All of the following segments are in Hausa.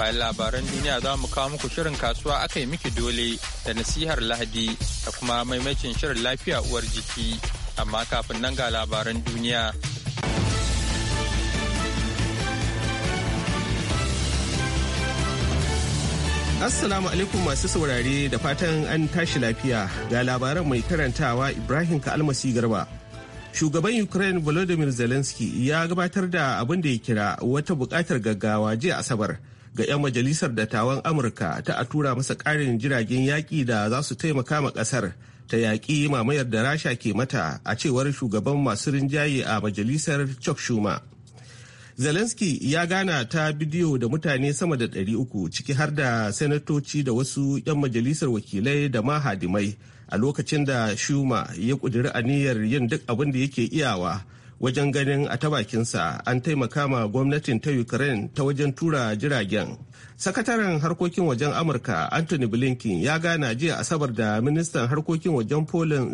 kayan labaran duniya za mu kawo muku shirin kasuwa aka yi miki dole da nasihar lahadi da kuma maimacin shirin lafiya uwar jiki amma kafin nan ga labaran duniya assalamu alaikum masu saurare da fatan an tashi lafiya ga labaran mai karantawa ibrahim kalmasi garba shugaban ukraine volodymyr zelensky ya gabatar da abin da ya kira wata bukatar gaggawa jiya asabar ga 'yan majalisar dattawan amurka ta a tura masa ƙarin jiragen yaƙi da za su taimaka ma ƙasar ta yaƙi mamayar da rasha ke mata a cewar shugaban masu rinjaye a majalisar chuck schumer zelensky ya gana ta bidiyo da mutane sama da 300 ciki har da sanatoci da wasu 'yan majalisar wakilai da mahadimai a lokacin da shuma ya ƙudiri aniyar yin duk abin da yake iyawa wajen ganin a tabakinsa an taimaka ma gwamnatin ta ukraine ta wajen tura jiragen sakataren harkokin wajen amurka anthony blinken ya gana jiya asabar da ministan harkokin wajen poland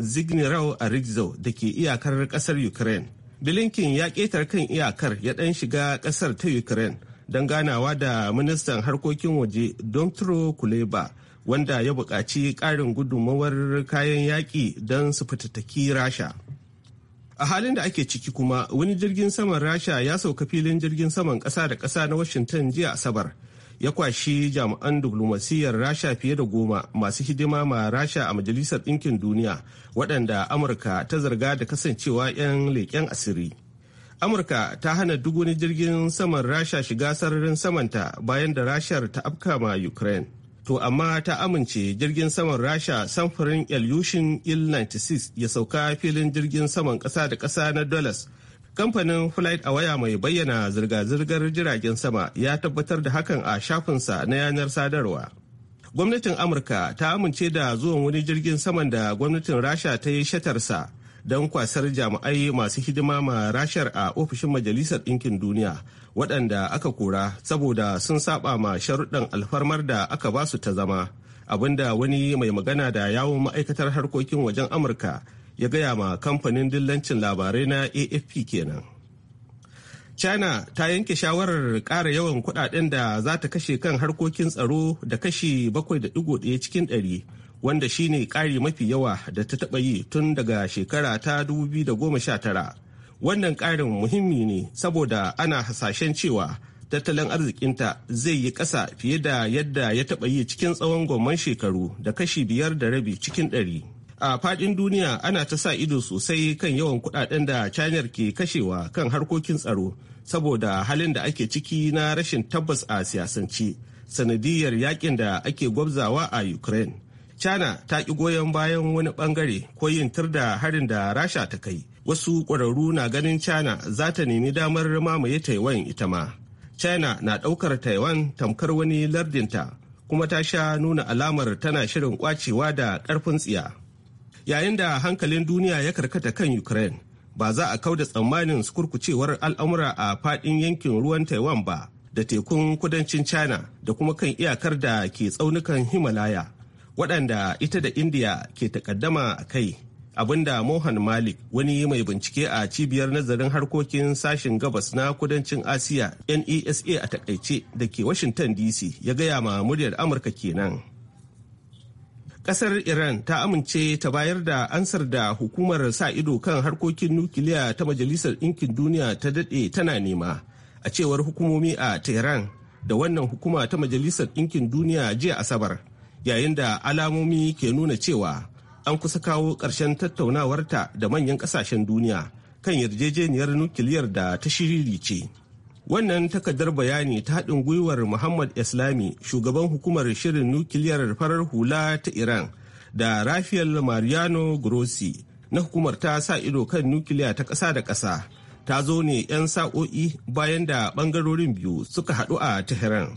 a rizzo da ke iyakar kasar ukraine blinken ya ketar kan iyakar ya dan shiga kasar ta ukraine don ganawa da ministan harkokin waje domtro kuleba wanda ya buƙaci ƙarin gudunmawar kayan yaƙi don su fitattaki rasha a halin da ake ciki kuma wani jirgin saman rasha ya sauka filin jirgin saman kasa da kasa na washington jiya asabar ya kwashi jami'an diplomasiyyar rasha fiye da goma masu hidima ma rasha a majalisar ɗinkin duniya waɗanda amurka ta zarga da kasancewa 'yan leƙen asiri amurka ta hana duk wani jirgin saman rasha shiga sararin samanta bayan da rashar ta afka ma ukraine to amma ta amince jirgin saman rasha samfurin ilyushin il-96 ya sauka filin jirgin saman kasa da kasa na dollars kamfanin flight a waya mai bayyana zirga-zirgar jiragen sama ya tabbatar da hakan a shafinsa na yanar sadarwa gwamnatin amurka ta amince da zuwan wani jirgin saman da gwamnatin rasha ta yi shatarsa don kwasar jami'ai masu hidima ma rashar a ofishin majalisar ɗinkin duniya waɗanda aka kora saboda sun saba ma sharuɗan alfarmar da aka ba su ta zama abinda wani mai magana da yawon ma'aikatar harkokin wajen amurka ya gaya ma kamfanin dillancin labarai na afp kenan china ta yanke shawarar ƙara yawan kuɗaɗen da za ta kashe kan harkokin tsaro da kashi 7.1 cikin ɗari. wanda shine ƙari mafi yawa da ta taɓa yi tun daga shekara ta 2019 wannan ƙarin muhimmi ne saboda ana hasashen cewa tattalin arzikinta zai yi ƙasa fiye da yadda ya taɓa yi cikin tsawon gomman shekaru da kashi biyar da rabi cikin ɗari. A faɗin duniya ana ta sa ido sosai kan yawan kuɗaɗen da canar ke kashewa kan harkokin tsaro saboda halin da ake ciki na rashin tabbas a siyasance sanadiyar yakin da ake gwabzawa a Ukraine. China ta ƙi goyon bayan wani ɓangare ko yin tur da harin da Rasha ta kai. wasu ƙwararru na ganin china za ta nemi damar mamaye taiwan ita ma china na ɗaukar taiwan tamkar wani lardinta kuma ta sha nuna alamar tana shirin kwacewa da ƙarfin tsiya yayin da hankalin duniya ya karkata kan ukraine ba za a kauda tsammanin kurkucewar al'amura a faɗin yankin ruwan taiwan ba da tekun kudancin china da kuma kan iyakar da ke tsaunukan himalaya waɗanda ita da indiya ke takaddama a kai abinda Mohan Malik wani mai bincike a cibiyar nazarin harkokin sashen gabas na kudancin Asiya NESA a takaice da ke Washington DC ya gaya ma muryar Amurka kenan. Kasar Iran ta amince ta bayar da ansar da hukumar sa ido kan harkokin nukiliya ta Majalisar Ɗinkin Duniya ta daɗe tana nema a cewar hukumomi a Tehran da wannan hukuma ta Majalisar Ɗinkin Duniya jiya Asabar yayin da alamomi ke nuna cewa an kusa kawo ƙarshen tattaunawarta da manyan ƙasashen duniya kan yarjejeniyar nukiliyar da ta shiriri ce. Wannan takardar bayani ta haɗin gwiwar Muhammad Islami shugaban hukumar shirin nukiliyar farar hula ta Iran da Rafael Mariano Grossi na hukumar ta sa ido kan nukiliya ta ƙasa da ƙasa ta zo ne 'yan sa'o'i bayan da ɓangarorin biyu suka haɗu a Tehran.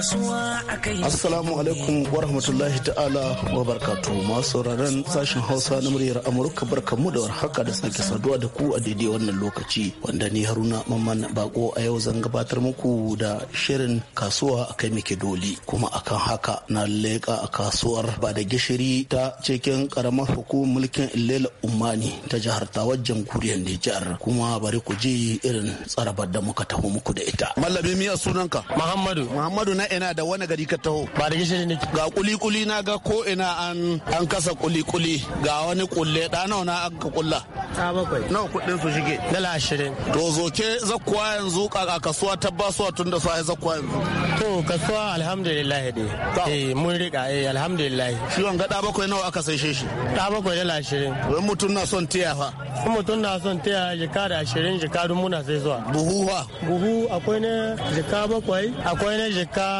kasuwa assalamu alaikum wa rahmatullahi ta'ala wa barkatu masu sauraron sashen hausa na muryar amurka mu da warhaka da sake saduwa da ku a daidai wannan lokaci wanda ni haruna mamman bako a yau zan gabatar muku da shirin kasuwa kai muke doli kuma akan haka na leƙa a kasuwar ba da gishiri ta cikin karamar hukumar mulkin illela umani ta jihar tawar jamhuriyar nijar kuma bari ku ji irin tsarabar da muka taho muku da ita mallami miya sunanka muhammadu muhammadu na ina da wani gari ka taho ba da gishiri ne ga kuli kuli na ga ko ina an an kasa kuli kuli ga wani kulle da nawa na an ka kulla ta bakwai nawa kudin su shige dala 20 to zoke zakkuwa yanzu ka kasuwa ta basuwa tun da sai zakkuwa yanzu to kasuwa alhamdulillah dai eh mun rika eh alhamdulillah shi wanga da bakwai nawa aka sai shi da bakwai dala 20 wai mutum na son tiya fa mutum na son tiya jika da 20 jika dun muna sai zuwa buhu fa buhu akwai ne jika bakwai akwai ne jika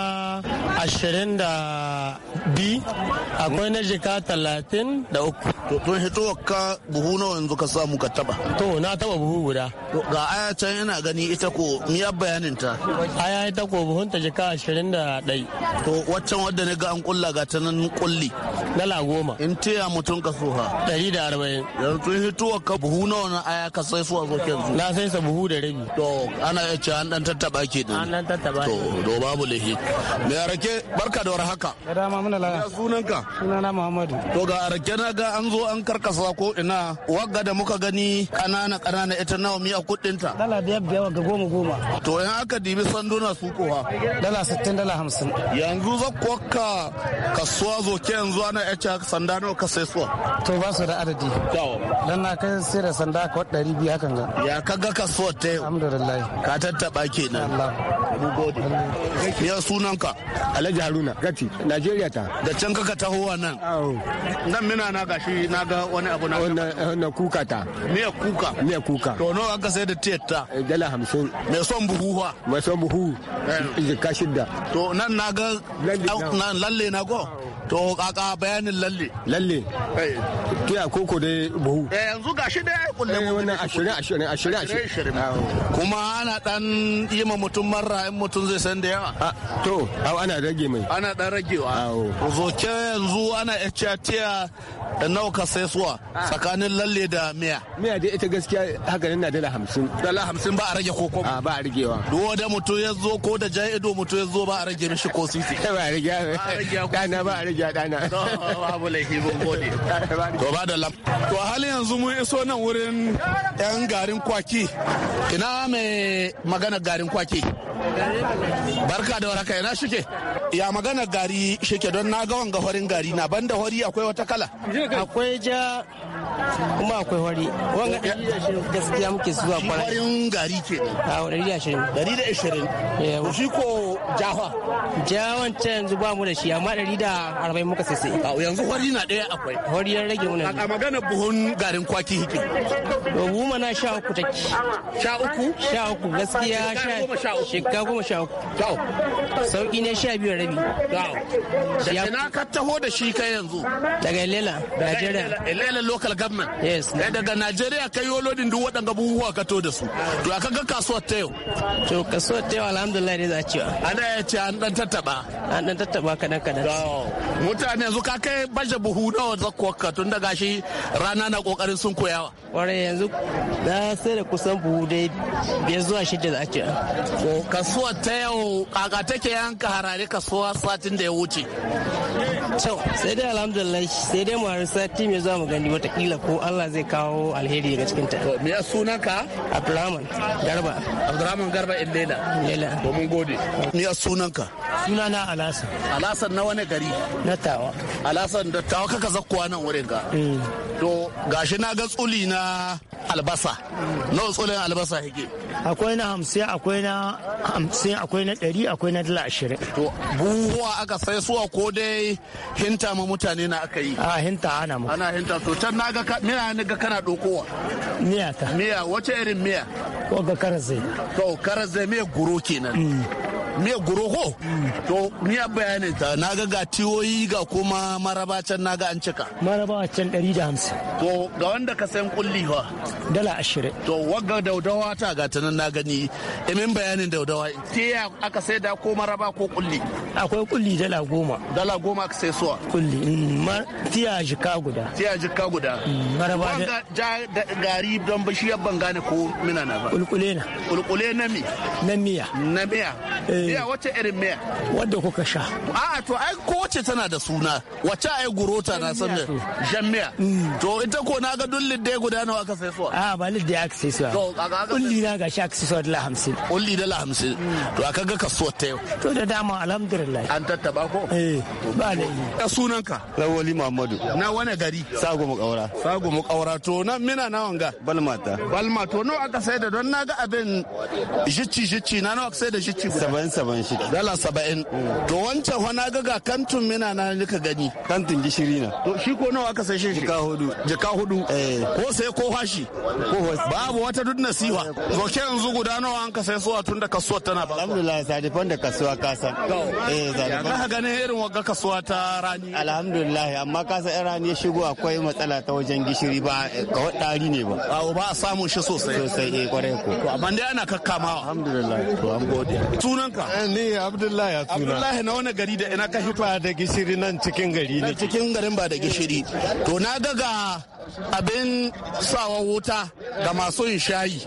ashirin da bi akwai na jika talatin da uku. To tun hito ka buhu nawa yanzu ka samu ka taba. To na taba buhu guda. Ga aya can yana gani ita ko miya bayanin ta. Aya ita ko buhun ta jika ashirin da ɗai. To waccan wadda ne ga an kulla ga ta nan kulli. Dala goma. In taya mutum ka so ha. Ɗari da arba'in. Yanzu tun hito ka buhu nawa na aya ka sai suwa zo yanzu. Na sai sa buhu da rabi. To ana iya ce an ɗan tattaɓa ke ɗin. An ɗan tattaɓa. To babu lahi. a rake barka da warhaka. Ya dama muna laya. Ya sunanka? Sunana Muhammadu. To ga rake na ga an zo an karkasa ko ina wagga da muka gani kanana kanana ita nawa a kudin ta. Dala biyar biyar ga goma goma. To in aka dibi sanduna su kowa. Dala sittin dala hamsin. Yanzu zakkwaka kasuwa zo ke yanzu ana ce sanda nawa ka sai suwa. To ba su da adadi. Kyawo. Dan na kai sai da sanda ka wadda ɗari biyu hakan ga. Ya ka ga ta yau. Alhamdulillah. Ka tattaɓa kenan. Allah. Mu gode. Ya su sunanka? Alhaji Haruna Gati, Najeriya ta. Da can kaka taho nan? Nan mina na gashi na ga wani abu na. Wannan kuka ta. Miya kuka? Miya kuka. To nawa aka sai da tiyar ta? Eh, dala hamsin. Mai son buhu fa? Mai son buhu. Eh. Jika shidda. To nan na ga lalle na go To kaka bayanin lalle. Lalle. Eh. Tuya koko dai buhu. Eh, yanzu gashi dai kulle eh Wannan ashirin 20 20 ashirin. Kuma ana dan yi ma mutum marra in mutum zai san da yawa. To au ana rage mai. Ana dan ragewa. Zoke yanzu ana HRTA da nawa ka sai suwa tsakanin lalle da miya. Miya dai ita gaskiya haka nan na dala hamsin. Dala hamsin ba a rage koko. A ba a ragewa. Duk da mutum ya zo ko da jan ido mutum ya zo ba a rage mishi ko sisi. Ba a Ba a rage. Ba a rage. ya dana babu laifi mun gode to ba da lam to hali yanzu mun iso nan wurin yan garin kwaki ina mai magana garin kwaki barka da waraka ina shike ya magana gari shike don na ga wanga horin gari na banda hori akwai wata kala akwai ja kuma akwai hori wanga gaskiya muke zuwa kwarai horin gari ke a 120 120 eh, shi ko Jawa. Jawan ta yanzu ba mu da shi amma ɗari da arba'in muka sai sai. Yanzu hori na ɗaya akwai. Hori yan rage wunan A magana buhun garin kwaki hike. Goma mana sha uku take. Sha uku? Sha uku gaskiya sha uku shekka goma sha uku. Sauki ne sha biyu rabi. Da ina ka taho da shi kai yanzu? Daga Ilela, Najeriya. Ilela local government. Yes. Eh, daga Najeriya kai yolodin duk waɗanda buhuwa ka to da su. To a ga kasuwar ta yau. To kasuwar ta yau alhamdulillah ne za a cewa. da ya ce an dan tattaba an dan tattaba kadan kadan mutane yanzu ka kai baje buhu nawa zakuwa ka tun da gashi rana na kokarin sun koyawa kwarai yanzu na sai da kusan buhu dai biyar zuwa shida da ake kasuwar ta yau kaka take yanka harare kasuwa satin da ya wuce Tau, sai dai alhamdulillah sai dai mu sati mai zuwa mu gani watakila ko Allah zai kawo alheri daga cikin ta. To me sunanka? Abdulrahman Garba. Abdulrahman Garba in Lela. Lela. mun gode. Me sunanka? Sunana Alasan. Alasan na wani gari? Na Tawa. Alasan da Tawa kaka zakkuwa nan wurin ka. Mm. To gashi na ga tsuli na albasa. Nawa tsulin albasa yake? Akwai na hamsin akwai na hamsin akwai na ɗari akwai na dala ashirin. To buhuwa aka sai suwa ko dai hinta ma mutane na aka yi a ah, hinta ana mu ana hinta to can na ga mina ne ga kana dokowa miya ta miya wace irin miya ko ga karas zai to karas zai miya guro kenan mm. miya ko? to ni ya bayani. ta na ga ga tiyoyi ga kuma maraba can na ga an cika maraba can 150 to ga wanda ka san kulli fa dala 20 to wagga daudawa ta ga ta nan na gani eh, min bayanin daudawa ya aka sai da ko maraba ko kulli akwai kulli dala goma dala goma aka sai suwa kulli mm, ya jika guda ya jika guda mm, maraba da gari don bashi ban gane ko mina na ba kulkule na kulkule na mi na miya na miya eh, miya wacce irin miya wadda kuka sha to ai ko wacce tana da suna wacce ai gurota na san me jan miya mm. to ita ko na ga dullin da guda nawa ka sai suwa a ah, ba lidda aka sai suwa kulli na ga shi aka suwa dala 50 kulli dala 50 mm. to aka ga kasuwar ta yau to da dama alhamdulillah an tattaba ko eh ba ne sunanka lawali muhammadu na wani gari sago mu kaura sago mu kaura to na mina na wanga balmata balma to nawa aka sai da don na ga abin jicci jicci na nawa aka sai da jicci 70 saban shida dala saba'in mm. to wancan hana gaga kantun mina na nika gani kantun gishiri na to shi ko nawa aka sai shi jika hudu jika hudu eh. ko sai ko hashi ko hashi. babu wata duk nasiha to ke yanzu guda nawa an ka sai suwa tun da kasuwa tana ba alhamdulillah sadifan da kasuwa kasa eh sadifan ka ganin irin wagga kasuwa ta rani alhamdulillah amma kasa yan rani ya shigo akwai matsala ta wajen gishiri ba ga eh, wadari ne ba ba a samu shi sosai sosai eh kwarai ko amma dai ana kakkamawa alhamdulillah to an gode sunan sunanka? Eh, ni Abdullahi a tuna. Abdullahi na wani gari da ina ka hito? Ba da gishiri nan cikin gari ne. Cikin garin ba da gishiri. To na ga ga abin sawa wuta ga masu yin shayi.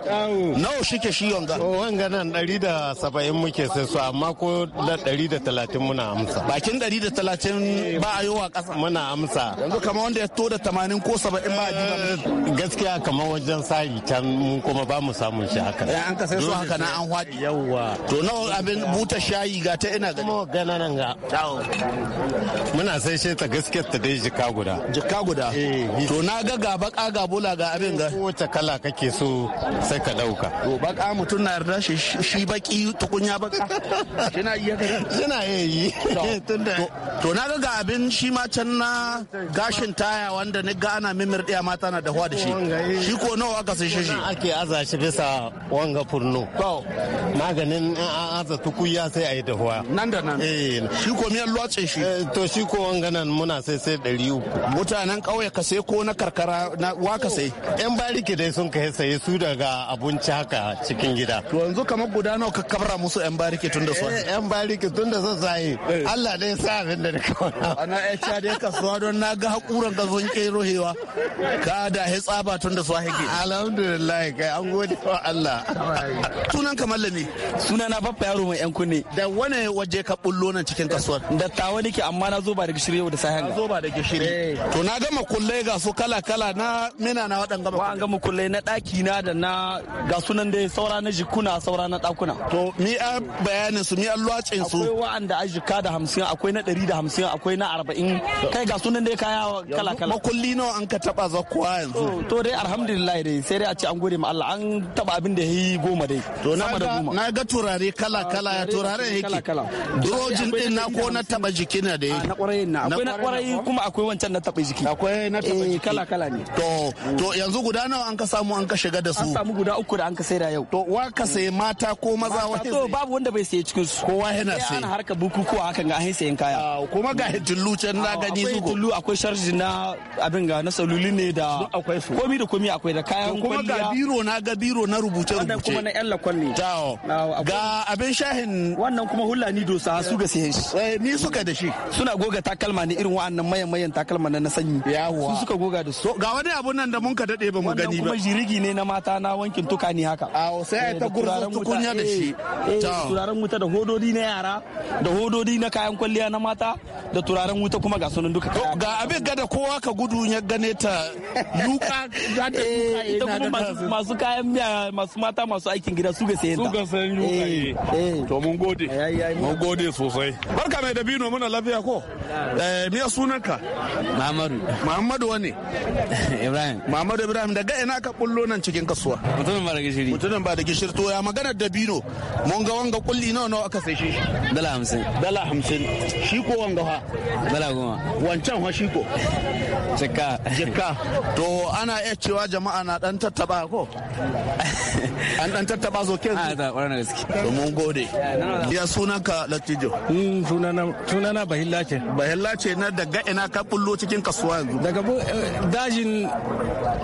Nawa shi ke shi yonga? Wanga nan ɗari da saba'in muke sai su amma ko na ɗari da talatin muna amsa. Bakin ɗari da talatin eh. ba a yi wa ƙasa. Muna amsa. Yanzu kama wanda ya to da tamanin ko saba'in ba a diba. Eh, gaskiya kamar wajen sayi can mun kuma ba mu samun shi haka. An ka sai su haka na an hwaɗi. Yawwa. To nawa abin buta shayi ga ta ina gani kuma gana nan ga tawo muna sai shi ta gaske ta dai jika guda jika guda eh. to na ga ga baka ga bula ga abin ga kowace kala kake so sai ka dauka to baka mutum na yarda shi shi baki tukunya baka yana iya ga yana yi to na ga ga abin shi ma can na gashin taya wanda ni ga ana mimir ɗaya mata na dahuwa da shi eh. shi ko nawa aka sai shi ake aza shi bisa wanga furno maganin an aza ya sai a yi dahuwa nan da nan eh shi ko miyan lotsin shi eh, to shi ko wanganan muna sai sai ɗari uku mutanen ƙauye ka sai ko na karkara na wa ka sai yan barike dai sun kai saye su daga abinci haka cikin gida to yanzu kamar guda nawa ka kabra musu yan barike tun da su eh, yan barike tun da sun sai eh. Allah dai sa abin da ka kauna ana ya ca dai suwa don na ga hakuran ka zon kai rohewa ka da hitsaba tun da su hake alhamdulillah kai an gode wa Allah sunan kamar lami sunana baffa yaro mai 'yan kunne da wani waje ka bullo nan cikin kasuwar dattawa nake amma na zo ba da gishiri da sahen zo ba da gishiri eh. to na gama kullai ga su kala kala na mina na wadan gama an gama kullai na daki na da na ga sunan dai saura na jikuna saura na dakuna to mi a bayanin su mi a lwacin su akwai wa'anda a jika da hamsin akwai na ɗari da hamsin akwai na arba'in kai ga sunan dai kaya kala kala makulli nawa an ka taba zakuwa yanzu to dai alhamdulillah dai sai dai a ce an gode ma Allah an taba abin da ya yi goma dai to na ga turare kala kala yaya turaren yake dojin din na ko na taba jiki na da yake na kwarai na akwai na kwarayi kuma akwai wancan na taba jiki akwai na taba eh, jiki kala kala ne to to yanzu guda nawa an ka samu an ka shiga da su an samu guda uku da an ka saida yau to wa ka sai mata ko maza wani to babu wanda bai sai cikin su kowa yana sai ana harka bukukuwa hakan ga an sayen kaya kuma ga hitullu can na gani su hitullu akwai sharji na abin ga na saluli ne da akwai su komi da komi akwai da kayan kuma ga biro na ga biro na rubuce rubuce kuma na yan lakon ne ga abin shahi irin eh, wannan kuma ni dosa ah, su ga sayan shi eh, ni suka da shi suna goga takalma ne irin wa'annan mayan mayan takalma na sanyi yawa su suka goga da su ga wani abu nan da mun ka dade ba mu gani ba kuma jirigi ne na mata na wankin tuka ni haka ah, a sai ai eh, ta gurzo tukunya da shi turaren wuta da hododi na yara da hododi na kayan kwalliya na mata da turaren wuta kuma ga sunan duka ga abin da kowa ka gudu ya gane ta yuka za ta ita kuma masu kayan miya masu mata masu aikin gida su ga sayan ta su ga sayan yuka To mun gode. Mun gode sosai. Barka mai dabino muna lafiya ko? Eh miya sunanka? Muhammadu. Muhammadu wane? Ibrahim. Muhammadu Ibrahim daga ina ka bullo nan cikin kasuwa? Mutumin ba da gishiri. Mutumin ba da gishiri to ya magana dabino. Mun ga wanga kulli nawa nawa aka sai shi? Dala hamsin. Dala hamsin. Shi ko wanga fa? Dala goma. Wancan fa shi ko? Jikka. Jikka. To ana iya cewa jama'a na dan tattaba ko? An dan tattaba zo kin. A da ƙwarar gaske. To mun gode. Ya suna ka Latijo? Hmm, suna na Bahilla ce. Bahilla ce na daga ina ka bullo cikin kasuwa yanzu. Daga eh, dajin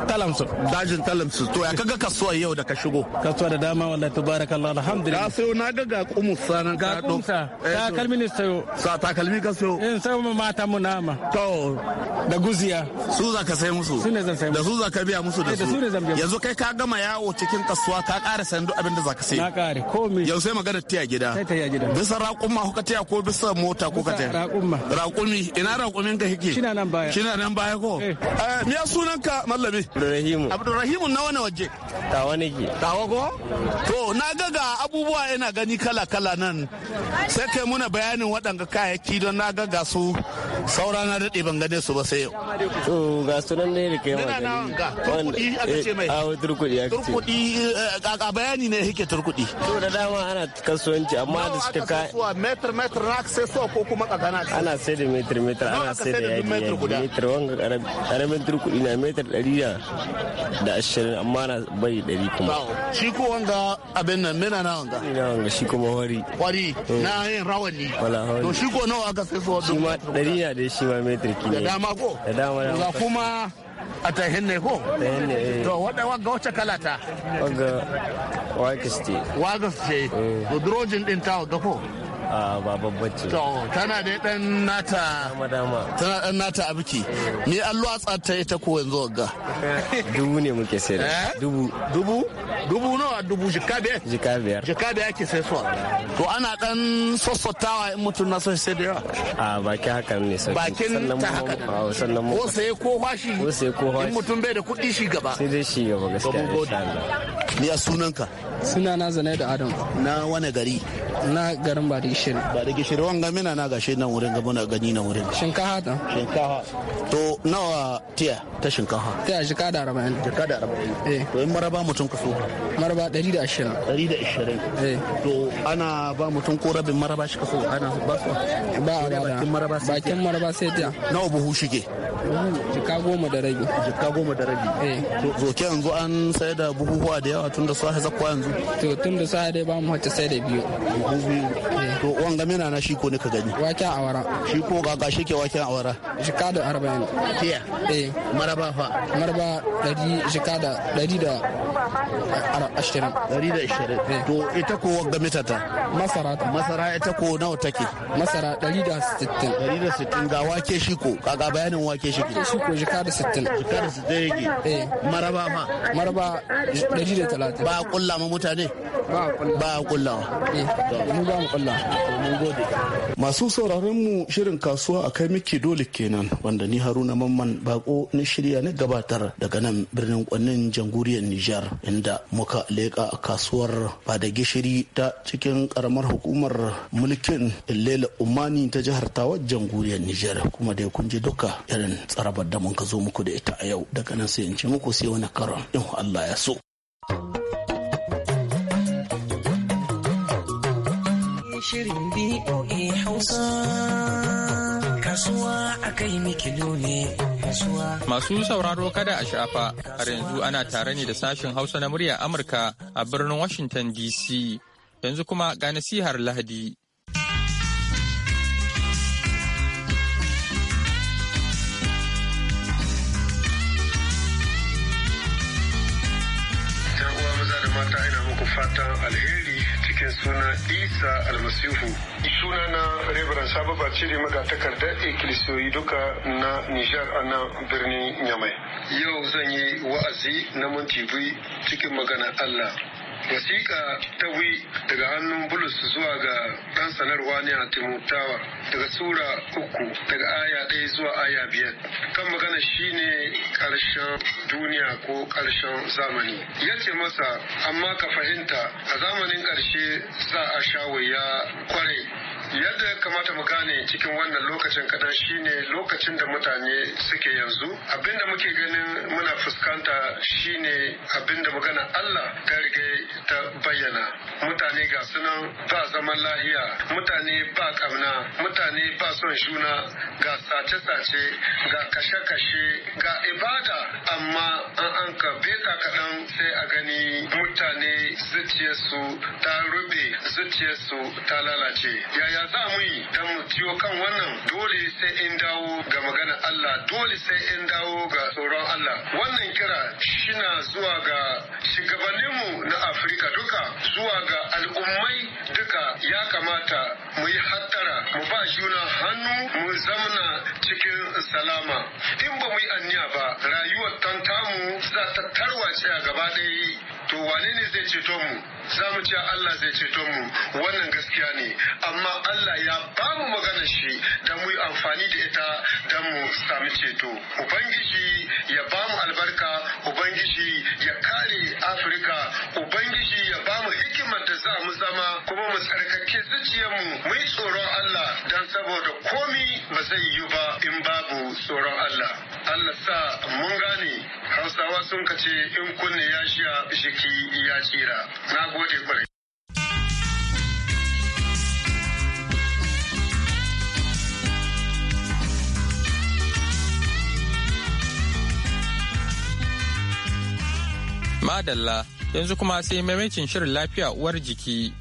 Talamsu. Dajin Talamsu. To ya kaga kasuwa yau da ka shigo? Kasuwa da dama wallahi tabarakallah alhamdulillah. Ka sayo na ga ga kumus sanan ka do. ta kalmi ne sayo. Sa takalmi ka sayo. In eh, sayo mu mata mu nama. To da guziya. Su za ka sai musu. Su ne zan sai musu. Da su za ka biya musu da eh, su. Yanzu kai ka gama yawo cikin kasuwa ka ƙara sayan duk abin da za ka sai. Na ƙare komai. Yau sai magana ta tafiya gida sai taya gida bisa raƙumma kuka taya ko bisa mota kuka taya raƙumma raƙumi ina raƙumin ka hike shina nan baya shina nan baya ko Eh, eh me ya sunan ka mallami abdurrahimu abdurrahimu na wani waje tawa ke. tawa ko to na ga ga abubuwa ina gani kala kala nan sai kai muna bayanin waɗanga kayayyaki don na ga ga su saura na daɗe ban gane su ba sai yau. to ga sunan ne da kai ma gani turkuɗi aka ce eh, mai a turkuɗi aka ce turkuɗi eh, a bayani ne yake turkuɗi to da dama ana kasuwanci amma da suka ka metr metr na sai so ko kuma kagana ana sai da metr metr ana sai da yadi metr wanga karamin turkuɗi na metr ɗari da ashirin amma na bai ɗari kuma shi ko wanga abin nan mena na wanga ina wanga shi kuma wari wari eh. na yin rawani to shi ko nawa aka sai so shi ma ɗari iya da shi ma metriki ne da dama ko da dama da kuma a ta hinne ko eh. to wadda wagga wacce kala ta wagga wagas ce wagas ce din ta wagga ko ba bacci to tana da dan nata tana dan nata a biki ni an lwatsa ta ita ko yanzu ga dubu ne muke da eh? dubu dubu dubu nawa dubu jika biyar jika biyar jika da yake sai suwa to ana dan sossotawa in mutum na so sai da yawa a baki haka ne sai bakin ta haka sannan mu ko sai ko hashi ko sai ko hashi in mutum bai da kuɗi shi gaba sai dai shi gaba gaskiya ni a sunanka sunana zanai da adam na wani gari na garin ba da gishiri ba da gishiri wanga mina na gashi nan wurin ga muna gani nan wurin shinkafa ta shinkafa to nawa tiya ta shinkafa tiya jika da arba'in jika da eh to in maraba mutum ka so maraba 120 da eh da to ana ba mutum ko rabin maraba shi ka so ana ba su ba a ba bakin maraba sai tiya nawa buhu shige jika goma da rabi jika goma da rabi eh. to ke yanzu an sayar da buhuhuwa da yawa tun da zakwa yanzu to tun da dai ba mu wacce sai da biyu biyu to wanga mina na shi ko ne ka gani wake awara shi ko ga ga shi ke wake awara jika da arba'in Ke? eh maraba fa maraba dari jika da dari da ashirin dari da ashirin to ita ko wanga mita ta masara ta masara ita ko nawa take masara dari da sittin dari da sittin ga wake shi ko ga bayanin wake shi ke shi ko jika da sittin jika da sittin yake eh maraba fa maraba dari da talatin ba kulla ma mutane ba a eh, mu ba mu kulla mun gode masu sauraron mu shirin kasuwa a kai miki dole kenan wanda ni haruna mamman bako na shirya na gabatar daga nan birnin kwannin janguriyar nijar inda muka leka kasuwar ba da gishiri ta cikin karamar hukumar mulkin lela umani ta jihar tawar janguriyar nijar kuma dai kun ji duka irin tsarabar da mun ka zo muku da ita a yau daga nan sai in ce muku sai wani karon in Allah ya so. thank you shirin BOA Hausa. Kasuwa a Masu sauraro kada a shafa, har yanzu ana tare ne da sashen Hausa na murya Amurka a birnin Washington DC. Yanzu kuma ga nasihar Lahadi. maza da mata ina muku fatan alheri cikakken suna isa almasihu suna na reverend cire maga magatakardar ikilisiyoyi duka na nijar a nan birnin yamai yau zan yi wa'azi na minti cikin magana allah wasiƙa ta wi daga hannun bulus zuwa ga ɗan sanarwa ne a timotawa daga sura uku daga aya ɗaya zuwa aya biyar kan magana shine ƙarshen duniya ko ƙarshen zamani ya ce masa amma ka fahimta a zamanin ƙarshe za a sha wuya kwarai yadda ya kamata mu gane cikin wannan lokacin kadan shine lokacin da mutane suke yanzu abinda muke ganin muna fuskanta shine abinda magana Allah ta rige ta bayyana mutane ga sunan ba zaman lahiya mutane ba kamna mutane ba son juna ga sace-sace ga kashe-kashe ga ibada amma an an ka ka kaɗan sai a gani mutane zuciyarsu ta rube zuciyarsu ta lalace yaya ya za mu yi don mu ciwo kan wannan dole sai in dawo ga magana Allah dole sai in dawo ga tsoron Allah wannan kira shina zuwa ga shugabanninmu na Afirka duka zuwa ga al'ummai duka ya kamata mu yi hattara mu ba juna hannu mu zamna cikin salama in ba mu yi ba rayuwar tantamu za ta tarwace a gaba ɗaya to wane ne zai ceto mu za mu ce Allah zai ceto mu wannan gaskiya ne amma Allah ya ba mu magana shi da mu amfani da ita da mu sami ceto ubangiji ya ba mu albarka ubangiji ya kare afirka ubangiji ya ba mu hikimar da za mu zama kuma mu tsarkake zuciyarmu mu yi tsoron Allah don saboda komi ba zai yi ba in babu tsoron Allah Allah sa mun gane hausawa sun kace in kunne ya shiya shiki ya tsira na gode kwarai Madalla yanzu kuma sai maimacin shirin lafiya uwar jiki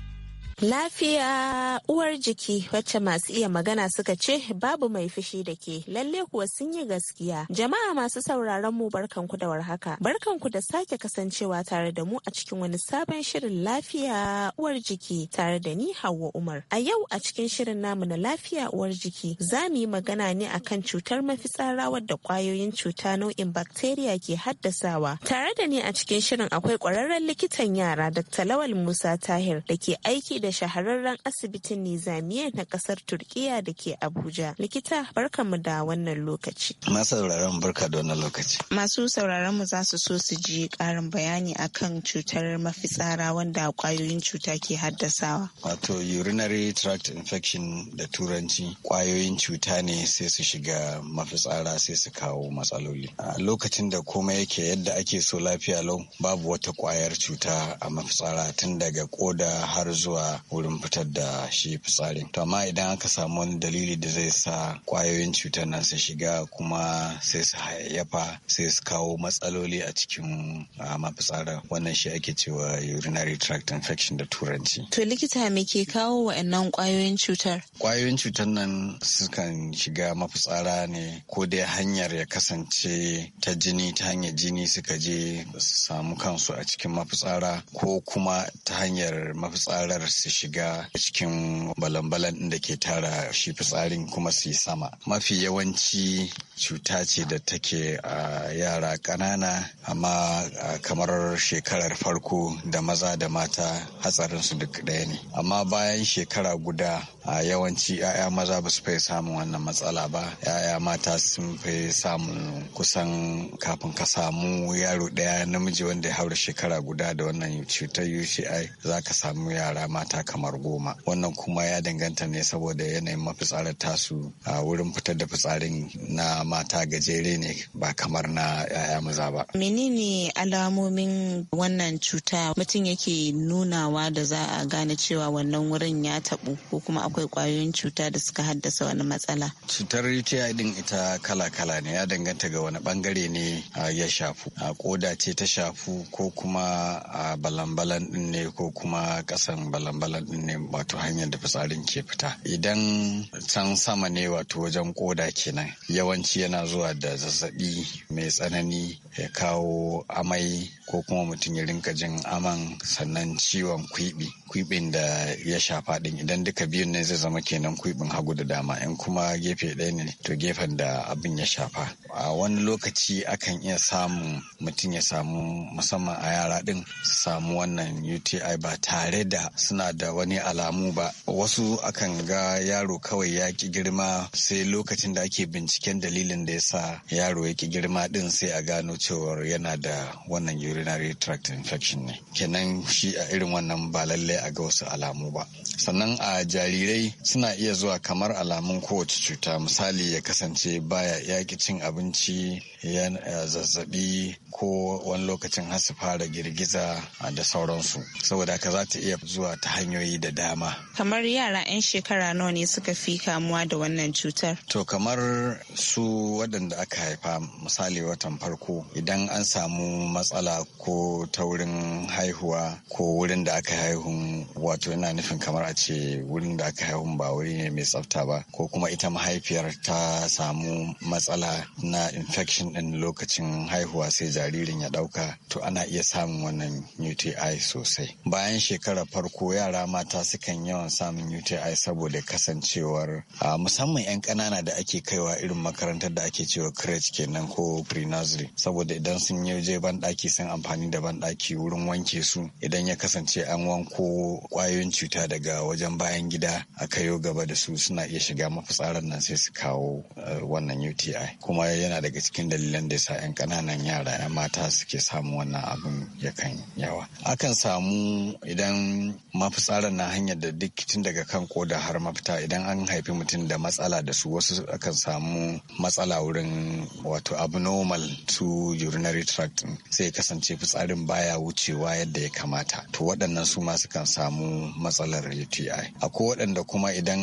Lafiya uwar jiki wacce masu iya magana suka ce babu mai fushi da ke lalle kuwa sun yi gaskiya. Jama'a masu sauraron mu barkanku da warhaka. Barkanku da sake kasancewa tare da mu a cikin wani sabon shirin lafiya uwar jiki tare da ni Hauwa Umar. A yau a cikin shirin namu na lafiya uwar jiki za mu yi magana ne a kan cutar mafitsara wadda kwayoyin cuta nau'in bakteriya ke haddasawa. Tare da ni a cikin shirin akwai kwararren likitan yara Dr. Lawal Musa Tahir da ke aiki da da shahararren asibitin nizamiya na kasar turkiya da ke abuja likita barka mu da wannan lokaci masu sauraron barka da wannan lokaci masu sauraron mu za su so su ji karin bayani akan cutar mafitsara wanda kwayoyin cuta ke haddasawa wato urinary tract infection da turanci kwayoyin cuta ne sai su shiga mafitsara sai su kawo matsaloli a lokacin da komai yake yadda ake so lafiya lau babu wata kwayar cuta a mafitsara tun daga koda har zuwa wurin fitar da shi fitsarin to amma idan aka samu wani dalili da zai sa kwayoyin cutar nan su shiga kuma sai su hayayyafa sai su kawo matsaloli a cikin mafitsara wannan shi ake cewa urinary tract infection da turanci to likita me ke kawo wa'annan kwayoyin cutar kwayoyin cutar nan sukan shiga mafitsara ne ko dai hanyar ya kasance ta jini ta hanyar jini suka je su samu kansu a cikin mafitsara ko kuma ta hanyar mafitsarar su shiga cikin balan-balan da ke tara shi fitsarin kuma su yi sama mafi yawanci cuta ce da take a yara ƙanana amma kamar shekarar farko da maza da mata hatsarinsu duk ɗaya ne amma bayan shekara guda a yawanci 'ya'ya maza ba su fai samun wannan matsala ba 'ya'ya mata sun fai samun kusan kafin ka samu yaro daya namiji wanda ya haura shekara guda da wannan cutar uci za ka samu yara mata kamar goma wannan kuma ya danganta ne saboda yanayin mafitsarar tasu a wurin fitar da fitsarin na mata gajere ne ba kamar na 'ya'ya maza ba menene alamomin wannan cuta mutum yake nunawa da za a gane cewa wannan wurin ya taɓu ko kuma akwai akwai kwayoyin cuta da suka haddasa wani matsala. Cutar UTI din ita kala-kala ne ya danganta ga wani bangare ne ya shafu. A koda ce ta shafu ko kuma a balambalan din ne ko kuma kasan balambalan din ne wato hanyar da fitsarin ke fita. Idan can sama ne wato wajen koda kenan yawanci yana zuwa da zazzabi mai tsanani ya kawo amai ko kuma mutum ya rinka jin aman sannan ciwon kwibi kwibin da ya shafa din idan duka biyun ne zai zama kenan kwibin hagu da dama in kuma gefe ɗaya ne to gefen da abin ya shafa a wani lokaci akan iya samun mutum ya samu musamman a yara ɗin su samu wannan uti ba tare da suna da wani alamu ba wasu akan ga yaro kawai ya ki girma sai lokacin da ake binciken dalilin da ya sa yaro ya ki girma ɗin sai a gano cewar yana da wannan urinary tract infection ne kenan shi a irin wannan ba lallai a ga wasu alamu ba sannan a jarirai suna iya zuwa kamar alamun kowace cuta misali ya kasance baya yaƙi cin abinci ya zazzabi ko wani lokacin hasu fara girgiza da sauransu saboda haka za ta iya zuwa ta hanyoyi da dama kamar yara 'yan shekara nawa ne suka fi kamuwa da wannan cutar to kamar su waɗanda aka haifa misali watan farko idan an samu matsala ko taurin haihuwa ko wurin da aka haihu wato yana nufin kamar a ce wurin da aka haihu ba wuri ne mai tsafta ba ko kuma ita mahaifiyar ta samu matsala na infection din lokacin haihuwa sai jaririn ya dauka to ana iya samun wannan UTI sosai bayan shekara farko yara mata sukan yawan samun UTI saboda kasancewar musamman 'yan ƙanana da ake kaiwa irin makarantar da ake cewa crèche kenan ko pre-nursery saboda idan sun yi je ban sun amfani da ban wurin wanke su idan ya kasance an wanko kwayoyin cuta daga wajen bayan gida a kayo gaba da su suna iya shiga mafitsarar nan sai su kawo eh, wannan uti kuma yana daga cikin dalilan da yasa 'yan kananan yara 'yan mata suke samu wannan abin yakan yawa akan samu idan mafitsarar na hanyar da duk tun daga kan koda har mafita idan an haifi mutum da matsala da su wasu akan samu matsala wurin wato abnormal to urinary tract sai kasance fitsarin baya wucewa yadda ya kamata to waɗannan su ma sukan samu matsalar UTI. Akwai waɗanda kuma idan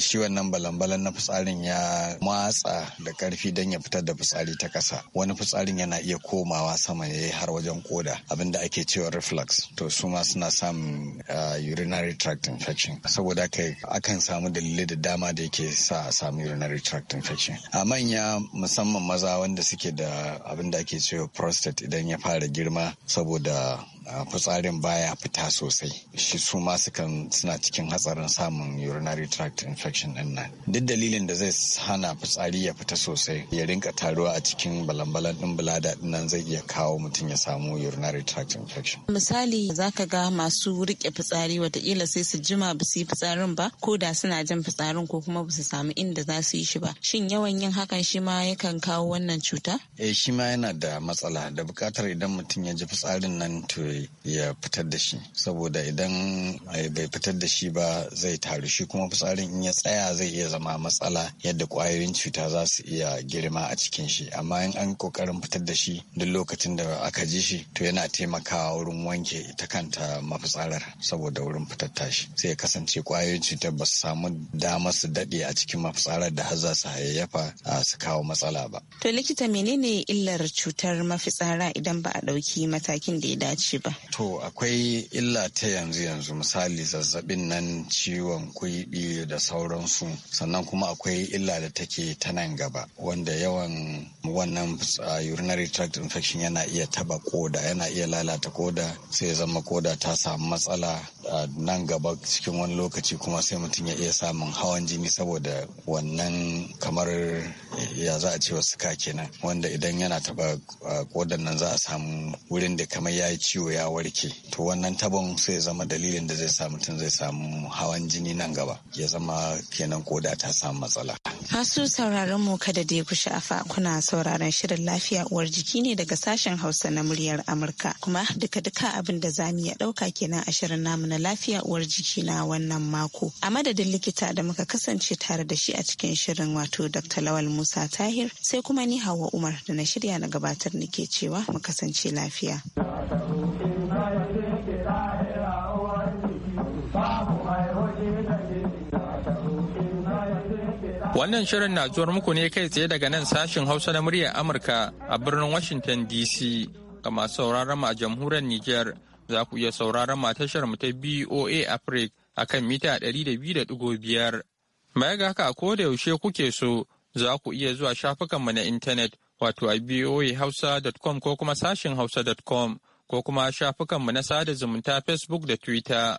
shi wannan balan-balan na fitsarin ya matsa da ƙarfi don ya fitar da fitsari ta ƙasa. Wani fitsarin yana iya komawa sama ya yi har wajen koda abinda ake cewa reflux. To su ma suna samun uh, urinary tract infection. Saboda haka akan samu dalilai da dama da yake sa a samu urinary tract infection. A manya musamman maza wanda suke da abinda ake cewa prostate idan ya fara girma saboda Ah, fitsarin baya fita sosai shi su ma sukan suna cikin hatsarin samun urinary tract infection din nan duk dalilin da zai hana fitsari ya fita sosai ya rinka taruwa a cikin balambalan din bulada din nan zai iya kawo mutum ya samu urinary tract infection misali zaka ga masu rike fitsari watakila sai su jima ba su yi fitsarin ba ko da suna jin fitsarin ko kuma ba su samu inda za su yi shi ba shin yawan yin hakan shi ma yakan kawo wannan cuta eh shi ma yana da matsala da bukatar idan mutum ya ji fitsarin nan to bai ya fitar da shi saboda idan eh, bai fitar da shi ba zai taru shi kuma fitsarin in ya tsaya zai iya zama matsala yadda kwayoyin cuta za su iya girma a cikin shi amma in an kokarin fitar da shi duk lokacin da aka ji shi to yana taimakawa wurin wanke ita kanta mafitsarar saboda wurin fitar tashi sai ya kasance kwayoyin cutar ba su samu dama su daɗe a cikin mafitsarar da har za su hayayyafa su kawo matsala ba. To likita menene illar cutar mafitsara idan ba a ɗauki matakin da ya dace ba. To akwai illa ta yanzu yanzu misali zazzabin nan ciwon kuɗi da sauransu sannan kuma akwai illa da take ta nan gaba wanda yawan wannan urinary tract infection yana iya taba koda yana iya lalata koda sai ya zama koda ta samu matsala nan gaba cikin wani lokaci kuma sai mutum ya iya samun hawan jini saboda wannan kamar ya za a ce wasu kenan wanda idan yana taba kodan nan za a samu wurin da kamar ya yi ciwo ya warke to wannan tabon sai ya zama dalilin da zai sa mutum zai samu hawan jini nan gaba ya zama kenan koda ta samu matsala Masu sauraron mu kada dai ku sha'afa kuna sauraron shirin lafiya uwar jiki ne daga sashen Hausa na muryar Amurka kuma duka-duka abin da za mu iya ɗauka kenan a shirin namu na lafiya uwar jiki na wannan mako. A madadin likita da muka kasance tare da shi a cikin shirin wato Dr. Lawal Musa Tahir sai kuma ni Hawa Umar da na shirya na gabatar nake cewa mu kasance lafiya. Wannan shirin na zuwar muku ne kai tsaye daga nan sashin Hausa na muryar Amurka a birnin Washington DC. Ga masu sauraron mu a jamhuriyar Niger, za ku iya sauraron mu a tashar mu ta BOA Africa a kan mita 200.5. Baya ga haka a da yaushe kuke so za ku iya zuwa shafukanmu na intanet wato a boahausa.com ko kuma sashin hausa.com ko kuma shafukanmu na sada zumunta Facebook da Twitter.